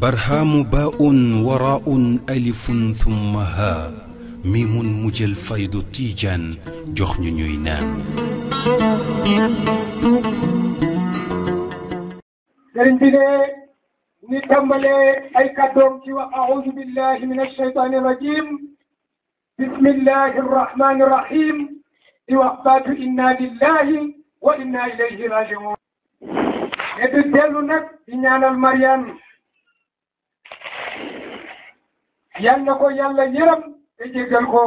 برهام باء وراء ألف ثم ها ميم مجل فيض تيجان جخن يوينان أي أعوذ بالله من الشيطان الرجيم بسم الله الرحمن الرحيم إوقات إنا لله وإنا إليه راجعون يتدلونك إنال المريم yàlla ko yàlla yërëm te jéggal ko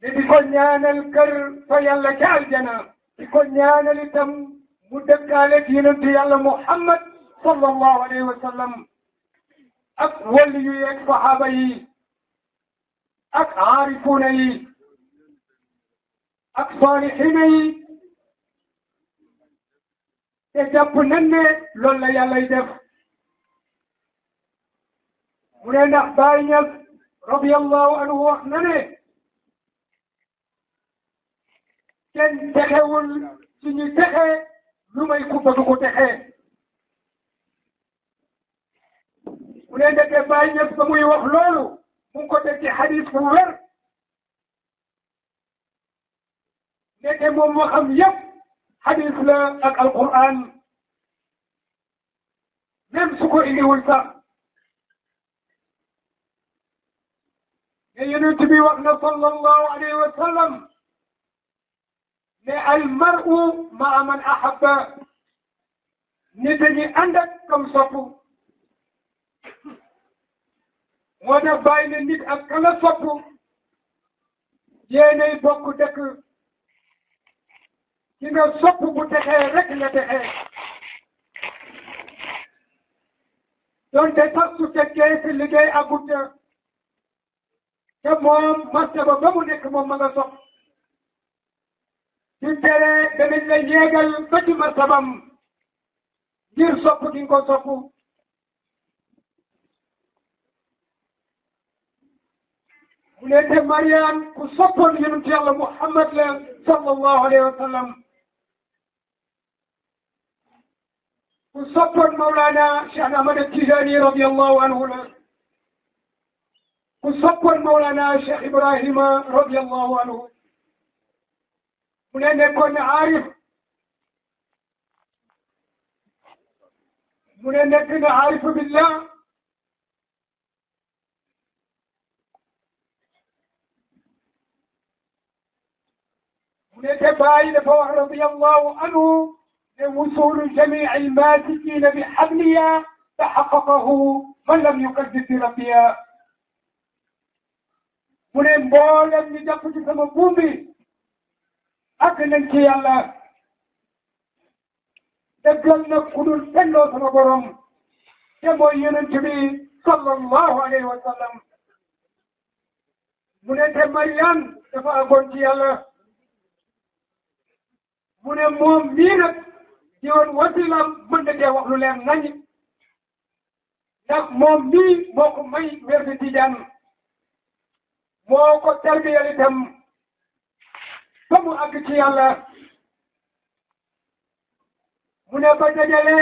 te di ko ñaanal kër fa yàlla ca aljana di ko ñaanal itam mu dëkkaale yonente yàlla muhammad sallallahu alayhi wa sallam ak wàllu yu yeeg saxaaba yi ak aarifuuna yi ak saalixiina yi te jàpp nan ne loolu la yàllay def mu ne ndax Baay Ñas radiyallahu anhu wax na ne kenn texewul suñu texe lu may ku bëgg ku texe mu ne ndeke Baay Ñas ba muy wax loolu mu ngi ko teg ci xadis bu wér ndeke moom waxam yëpp حديث لا القرآن لم سكو إلي ولتا يين تبي وقنا صلى الله عليه وسلم لا المرء مع من أحب ندني عندك كم صفو وانا باين نيت صفو يين يبوكو دكو ينصبهم متهالكنا بها don ta tasu kyakkyayi fili dai a gudu ta mom masta ba babu ne kuma maza so din dare da min nan yegal baki masabam dir sokku din ko sokku mu ne te mariam ku soppon yonent yalla muhammad la sallallahu alaihi wasallam وصفق مولانا شيخنا أحمد التجاني رضي الله عنه له مولانا شيخ إبراهيم رضي الله عنه من يكون عارف من يكون عارف بالله من يتباين فهو رضي الله عنه وصول جميع الماسكين بحبلها تحققه من لم يكذب بربها munen mboolem ñu jàpp ci sama buum bi ak nañ ci yàlla déggal na ku dul fennoo sama borom te mooy yonent bi sallallahu alayhi wa sallam mu ne te Mariam dafa agoon ci yàlla mu ne moom mii nag yoon wasilaam mën na cee wax lu leen nañu ndax moom mii moo ko may werdu tijaan moo ko tarbiyal itam ba mu àgg ci yàlla mu ne ba dajale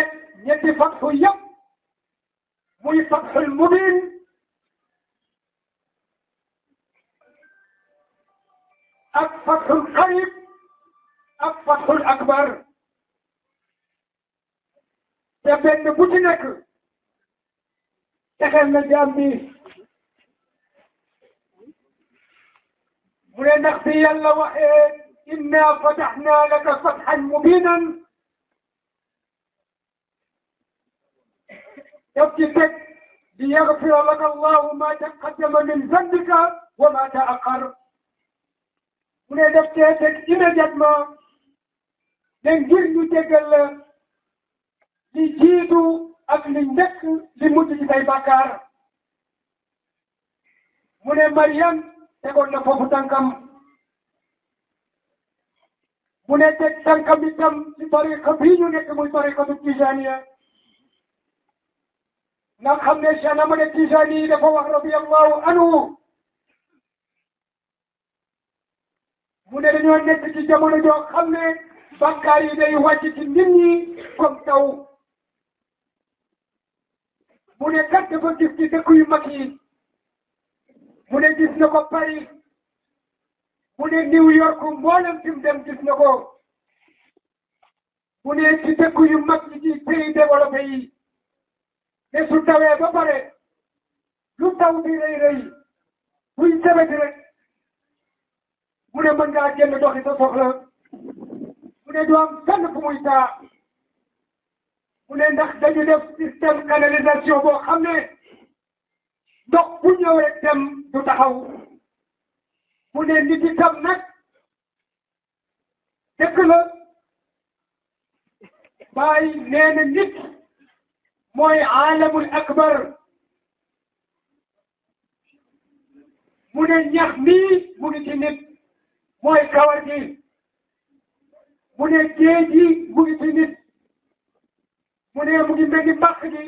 ñetti fatxu yëpp muy fatxul mubin ak fatxul xarib ak fatxul akbar benn bu ci nekk texeel na jaam bi mu ne ndax bi yàlla waxee inna fataxna laka fatxan mubinan daf ci teg di yaxfira laka allahu ma taqaddama min zambika wa ma taaqar mu ne daf cee teg immédiatement ne ngir ñu jégal la li jiitu ak li njëkk li mujj ci say bàkkaar mu ne Mariam tegoon na foofu tànkam mu ne teg tànkam itam ci tariqa bii ñu nekk muy tariqa bi tijaniya xam ne Cheikh Ahmad Tijani yi wax radiyallahu anhu mu ne dañoo nekk ci jamono joo xam ne bàkkaar yi day wàcc ci taw mu ne kat dafa gis ci dëkk yu mag yi mu ne ko Paris mu ne New York mboolem fi mu dem gis na ko mu ne ci dëkk yu mag yi ci pays développé yi ne su tawee ba pare lu taw bi rëy rëy buy sebeti rek mu ne mën ngaa génn doxi sa soxla mu ne du am kenn fu muy taa mu ne ndax dañu def système canalisation boo xam ne ndox bu ñëw rek dem du taxaw mu ne nit itam nag dëkk la bàyyi nee na nit mooy aalamul akbar mu ne ñax mii mu ngi ci nit mooy kawar gi mu ne géej gi mu ngi ci nit mu ne mu ngi mel ni mbàq gi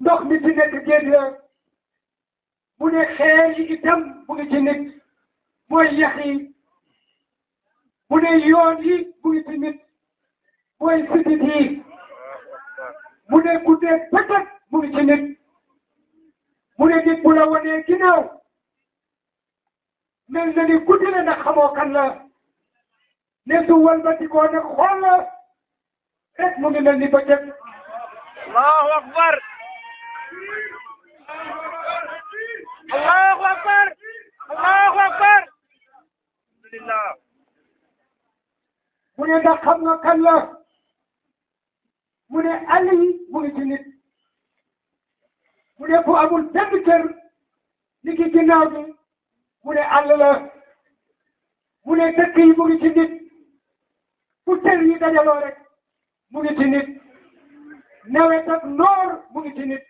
ndox mi ci nekk géej la mu ne xeer yi itam mu ngi ci mu ne yoon mu ngi ci mu ne guddee pëtat mu ngi ci mu ne nit bu la wanee ginnaaw mel na ni guddi la ndax ne su walbatikoo nag xool mu ngi mel ni bëccëg. Allahu akbar. Allahu akbar. Allahu akbar. Alhamdulillah. mu ne ndax xam nga mu ne àll mu ngi ci mu ne ku amul benn kër. ni ki ginnaaw mu ne àll mu ne dëkk mu ngi ci nit. ku yi dajaloo rek. mu ngi ci nit nawet ak noor mu ngi ci nit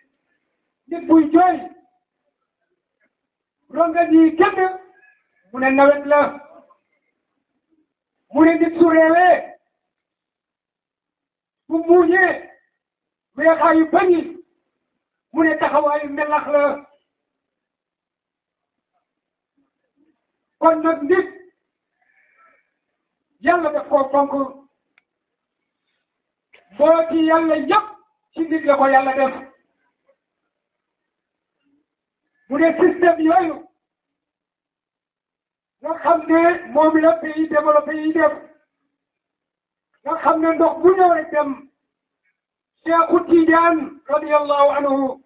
nit buy jooy ronga di kenn mu ne nawet la mu ne nit su réewee bu muuñee weexaayu bañi mu ne taxawaayu melax la kon nag nit yàlla daf booti yàlla yëpp ci nit la ko yàlla def mu ne système yooyu nga xam ne moom la pays développé yi def nga ne ndox bu ñëw dem Seexu Tiijaan radiyallahu anhu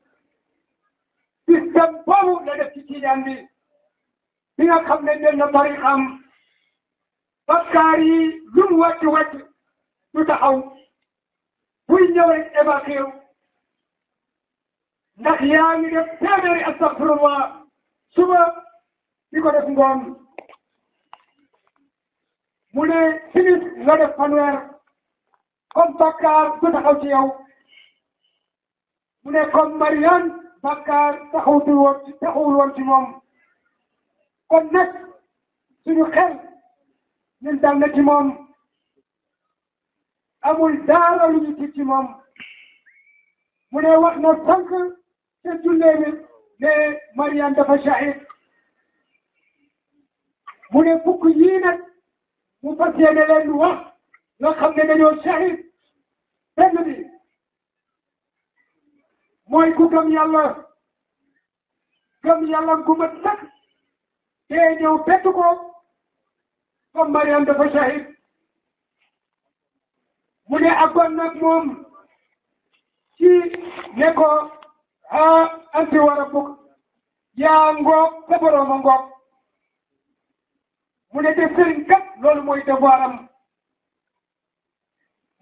système boobu la def ci Tiijaan bi bi nga ne den na tariqam bakkaar lu mu wàcc wàcc du taxaw buy ñëw rek évacué wu ndax yaa ngi def téeméeri astaghfirullah suba di ko ngoon mu ne sinis nga def fanweer comme bakkaar du taxaw ci yow mu ne comme Mariane bakkaar taxawul woon ci taxawul woon ci moom kon nag xel ñun dal na ci moom. amul daara lu ñu ci ci moom mu ne wax na sank te jullee ne ne mariam dafa shahid mu ne fukk yii nag mu fas yéene leen wax nga xam ne dañoo shahid benn bi mooy ku gam yàlla gam yàlla gu mat nag te ñëw bett ko comme mariam dafa shahid mu ne akkoon nag moom ci ne ko ah anti war yaa ngoog sa borom a ngoog mu ne te sëriñ kat loolu mooy devoiram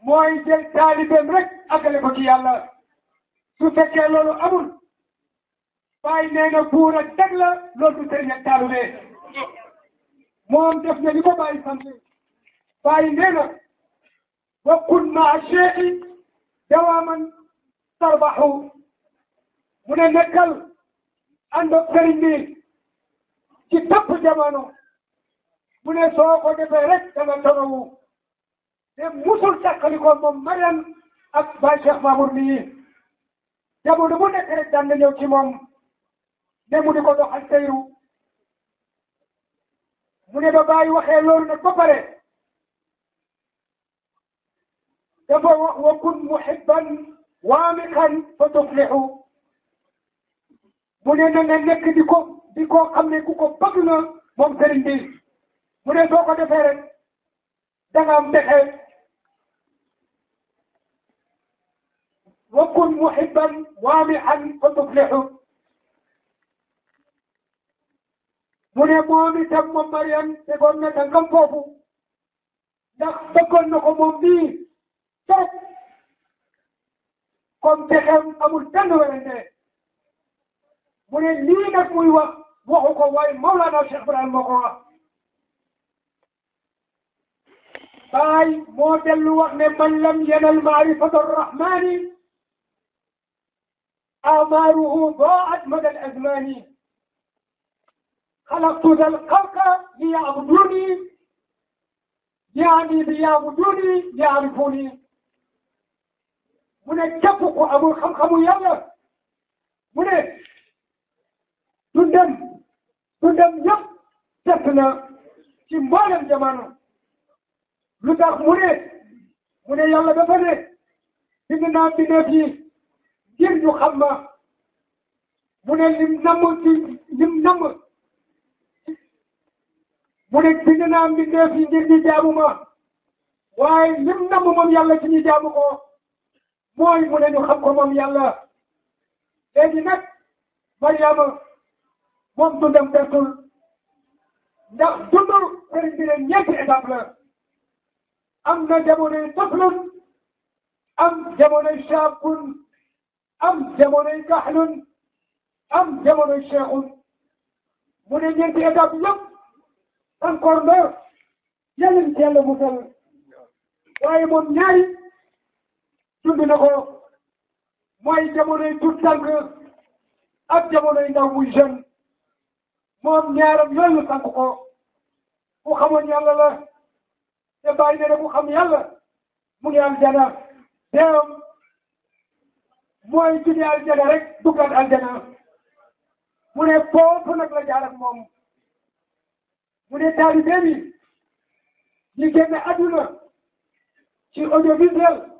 mooy jël taalibeem rek àggale ko ci yàlla su fekkee loolu amul bàyyi nee na buur a teg la loolu du sëriñ ak taalibe moom def na li ko bàyyi sant bàyyi nee na وكن مع الشيء دواما تربح mu ne nekkal ànd ak sëriñ bi mu ne soo ko defee rek dana tonawu te musul takkali moom Mariam ak Baye Cheikh Mamour mii jamono bu nekk rek daan na ci moom ne mu di ko doxal mu ne ba waxee loolu nag ba pare dafa wax wa kun muhibban waamiqan fa tuflihu mu ne na nga di ko di ne ku ko bëgg na moom sëriñ mu ne soo ko defee rek da nga am pexe wa kun muhibban waamiqan fa tuflihu mu ne moom itam moom Mariam tegoon na tànkam foofu ndax bëggoon na ko moom bii te comme pexeem amul benn werante mu ne lii nag muy wax waxu ko waaye Mawlana Cheikh Ibrahima moo ko wax baay moo dellu wax ne man lam yanal maarifata arrahmani amaaruhu baat madal azmani xalaqtu dal xalqa li yaabuduni yaani bi yaabuduni yaarifuni mu ne képp ku amul xam-xamu yàlla mu ne dundam dundam yëpp des na ci mboolem jamono lu tax mu ne mu ne yàlla dafa ne bind naa bindeef yi ngir ñu xam ma mu ne lim namm ci lim namm mu ne bind naa bindeef yi ngir ñu ma waaye lim namm moom yàlla ci ñu jaamu ko mooy mu ne ñu xam ko moom yàlla léegi nag Mariama moom dundam bettul ndax dundul sëriñ bi ne ñetti étape la am na jamonoy taflun am jamonoy shaabun am jamonoy kaxlun am jamonoy cheikhun mu ne ñetti étape yëpp encore na yàlla mu musal waaye moom ñaari tudd na ko mooy jamonoy tout tànk ak jamonoy ndaw muy jeune moom ñaaram yooyu tànk ko ku xamoon la te bàyyi na ne ku xam mu ngi aljana teewam mooy jugee aljana rek duggaat aljana mu ne foofu nag la jaar moom mu ne taalibe bi ñu génne adduna ci audiovisuel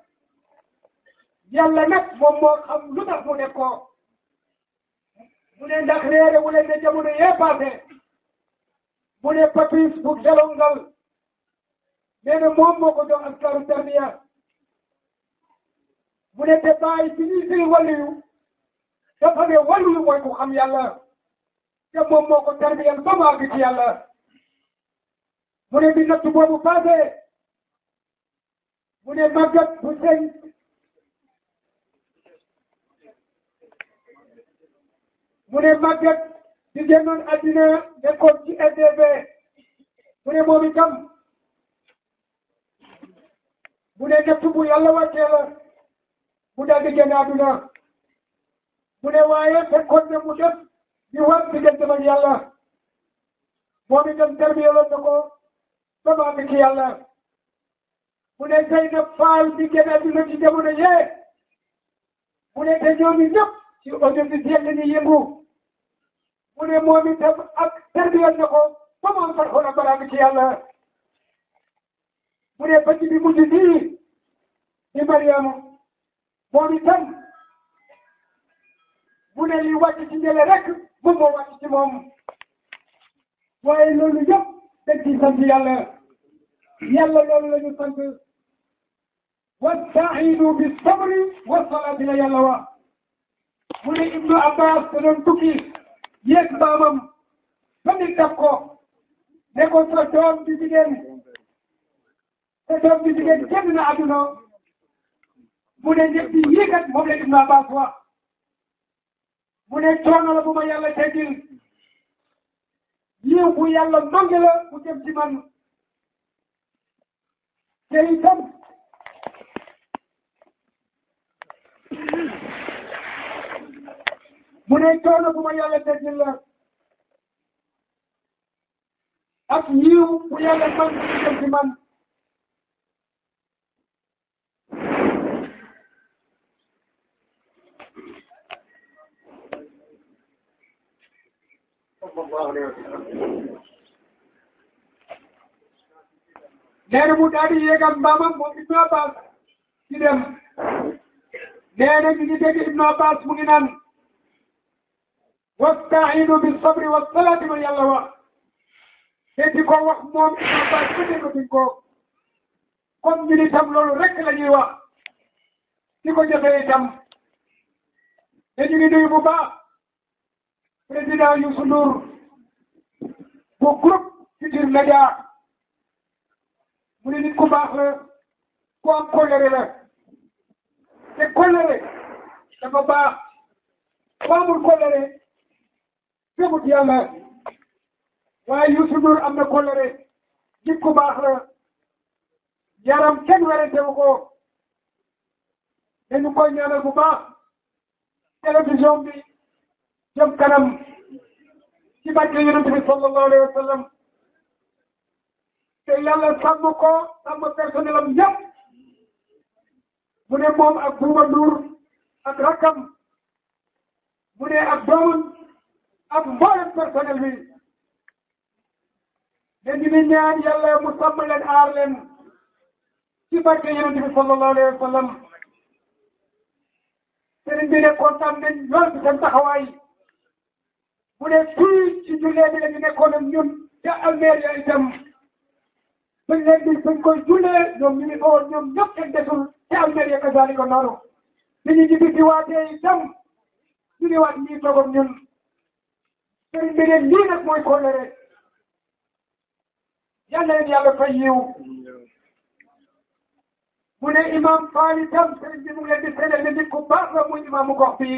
yàlla nag moom moo xam lu tax mu ne ko mu ne ndax réere wu leen ne jamono yee passé mu ne papis bu gelongal nee na moom moo ko jox askaru tarbiya mu ne te bàyyi bi ñuy firi wàlluyu dafa ne wàlluyu mooy ku xam yàlla te moom moo ko tarbiyal ba mu àgg ci yàlla mu ne bi nattu boobu passé mu ne màggat bu sëñ mu ne Maguette di génnoon addina nekkoon ci SDB mu ne moom itam mu ne natt bu yàlla wàccee la mu daal di génn adduna mu ne waaye fekkoon na mu def di war diggante ak yàlla moom itam terbiyeloon na ko ba mu ànd ci yàlla mu ne Zeynab Faal di génn adduna ci jamono yee mu ne te ñoom ñëpp ci autorité yi yëngu. mu ne moom itam ak terbiyal na ko ba mu am farxoon ak baraam ci mu ne bëcc bi mujj nii di Mariam ne li wàcc ci rek moom moo wàcc moom waaye loolu yëpp dañ ciy sant yàlla yàlla loolu la ñu sant wasta'iinu bis sabri was salaati la yàlla wax ne Ibnu Abbas da doon tukki yéeg maamam ba muy dab ko ne ko sa doom bi jigéen sa doom bi jigéen génn na àdduna mu ne ñëpp di yéegat moom la Ibn Abbas wax mu ne coono la bu ma yàlla teggil yiw bu yàlla nange la bu jëm ci man te itam mu ne coono bu ma yàlla teggil la ak yiw bu yàlla man bu ñu ci man nee na mu daal di yéegam mbaamam moom Ibnu Abbas ci dem nee na ñu ngi dégg Ibnu Abbas mu ngi naan wasta'iinu bi sabri wa salaati ba yàlla wax te di ko wax moom imam ba ba déggatuñ ko comme ñu itam loolu rek la ñuy wax di ko jëfee itam te ñu ngi nuyu bu baax président Youssou Ndour bu groupe Futurs Médias mu ne nit ku baax la ku am kóllëre la te kóllëre dafa baax ku amul kóllëre jëmut yàlla waaye Youssou Ndour am na kóllare nit ku baax la yaram kenn werante wu ko dañu koy ñaanal bu baax télévision bi jëm kanam ci barke yonent bi sallallahu alayhi sallam te yàlla sàmm ko sàmm personnel am yëpp mu ne moom ak Bouba Ndour ak rakkam mu ne ak doomam ak mboolem personnel bi da dina ñaan yàlla mu sàmm leen aar leen ci barke bi sallallahu alayhi wa sallam sëriñ bi ne kontaan nañ lool ci seen bu dee fii ci jullee bi la ñu nekkoon ak ñun ca almeer ya itam suñ leen di suñ koy jullee ñoom ñu ngi oo ñoom ñëpp kenn ca almeer ya kazaalika noonu bi ñu ñibbi si waatee itam ñu ngi waat ñii toog ak sëriñ bi ne lii nag mooy kóllëre yal na leen yàlla fay yiw mu ne imam Fall itam sëriñ bi mu ngi leen di seedal ne nit ku baax la muy imaamu gox bi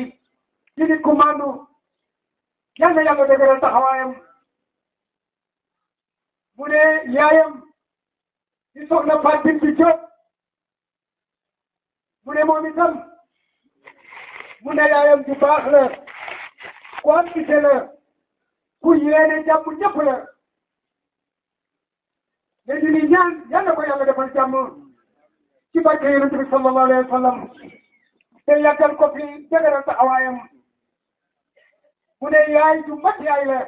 di nit ku màndu yal na yàlla dëgëral taxawaayam mu ne yaayam di soxna Fatim bi Jóob mu ne moom itam mu ne yaayam di baax la ku am ite ku yéene jàmm ñëpp la léegi ni ñaan yal na ko yàlla defal jàmm ci barke yonent bi sallallahu alayhi wa sallam te yàggal ko fi dëgëral taxawaayam mu ne yaay ju yaay la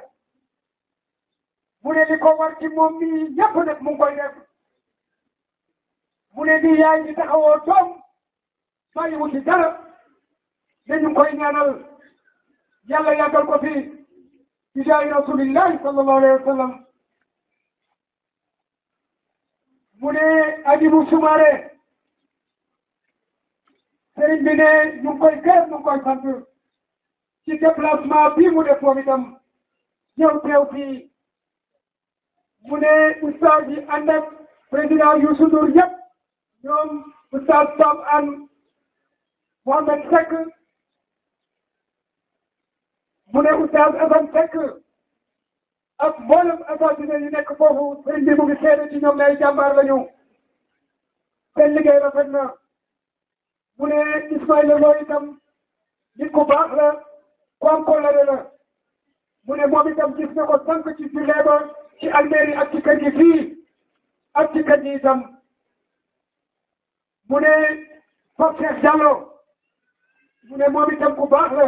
mu ne li war ci moom mii ñëpp nag mu ngi koy mu ne ni yaay di taxawoo doom bàyyiwu ci dara dañu koy ñaanal yàlla yàggal ko bijaahi rasulillahi sallallahu alayhi wa sallam mu ne Hadjibou Soumaré sëriñ bi ne ñu ngi koy gërëm ñu ngi koy sant ci déplacement bii mu defoon itam ñëw teew fii mu ne oustaz yi ànd ak président Youssou Ndour yëpp ñoom oustaz Pape Anne Mohamed Seck mu ne oustaz Assane Seck ak mboolem associé yi nekk foofu sëriñ bi mu ngi seede ci ñoom lay jàmbaar la ñu seen liggéey rafet na mu ne Ismaïla Lo itam nit ku baax la ku am kóllare la mu ne moom itam gis na ko sànq ci biir ba ci Almeri ak ci kër gi fii ak ci kër gi itam mu ne Pape Cheikh Diallo mu ne moom itam ku baax la.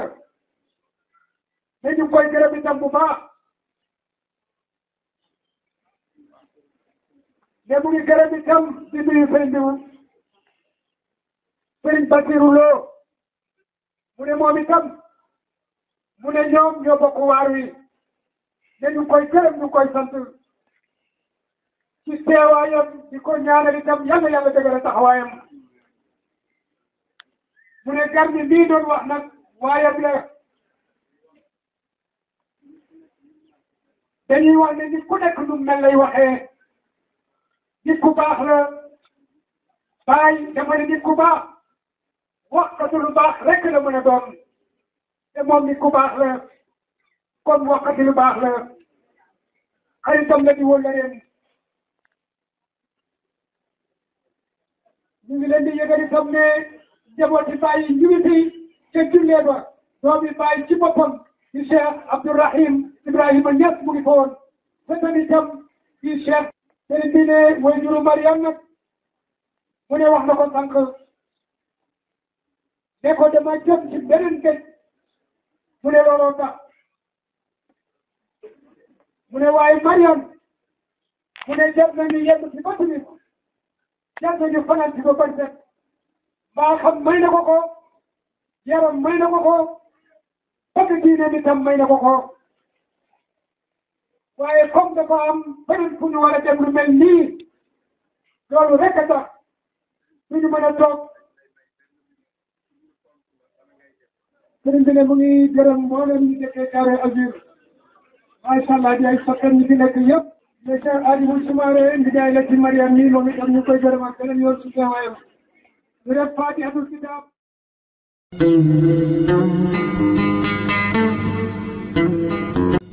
te ñu koy gërëm itam bu baax ne mu ngi gërëm itam di nuyu sëriñ bi sëriñ Basiru Loo mu ne moom itam mu ne ñoom ñoo bokk waar wi ne ñu koy gërëm ñu koy sant ci teewaayam di ko ñaanal itam yàlla yàlla dëgëral taxawaayam mu ne gar mi lii doon wax nag waayam la dañuy wax ne ku nekk nu mel lay waxee nit ku baax la bàyyi dafa ne nit ku baax wax katu lu baax rek la mën a doon te moom nit ku baax la kon wax katu lu baax la xaritam la di wóor la leen ñu ngi leen di yëgal itam ne njabooti bàyyi ñu ngi fi ca jullee ba doomi bàyyi ci di Cheikh Abdourahim Ibrahima Niass mu ngi fa woon sëtam itam bi ne way juru Mariam nag mu ne wax na ko sànq ne ko dama jëm ci beneen géej mu ne looloo mu ne waaye Mariam mu ne jëm nañu yegg ci bët bi jëm nañu fanaan ba bañ set mbaa may na ko ko yaram may na ko ko fodde diine mi tan mayna koko waaye comme dafa am feneen fu ñu war a dem lu mel nii loolu rek a tax duñu mën a toog sëriñ bi ne mu ngi gërëm mboolem ñu dëkkee Daaru Azur macha allah di ay sottan ñu fi nekk yëpp le cher Adibou Soumaré ndi daay la ci Mariam nii moom itam ñu koy gërëm ak beneen yoon si teewaayam ñu def Faatihatul Kitaab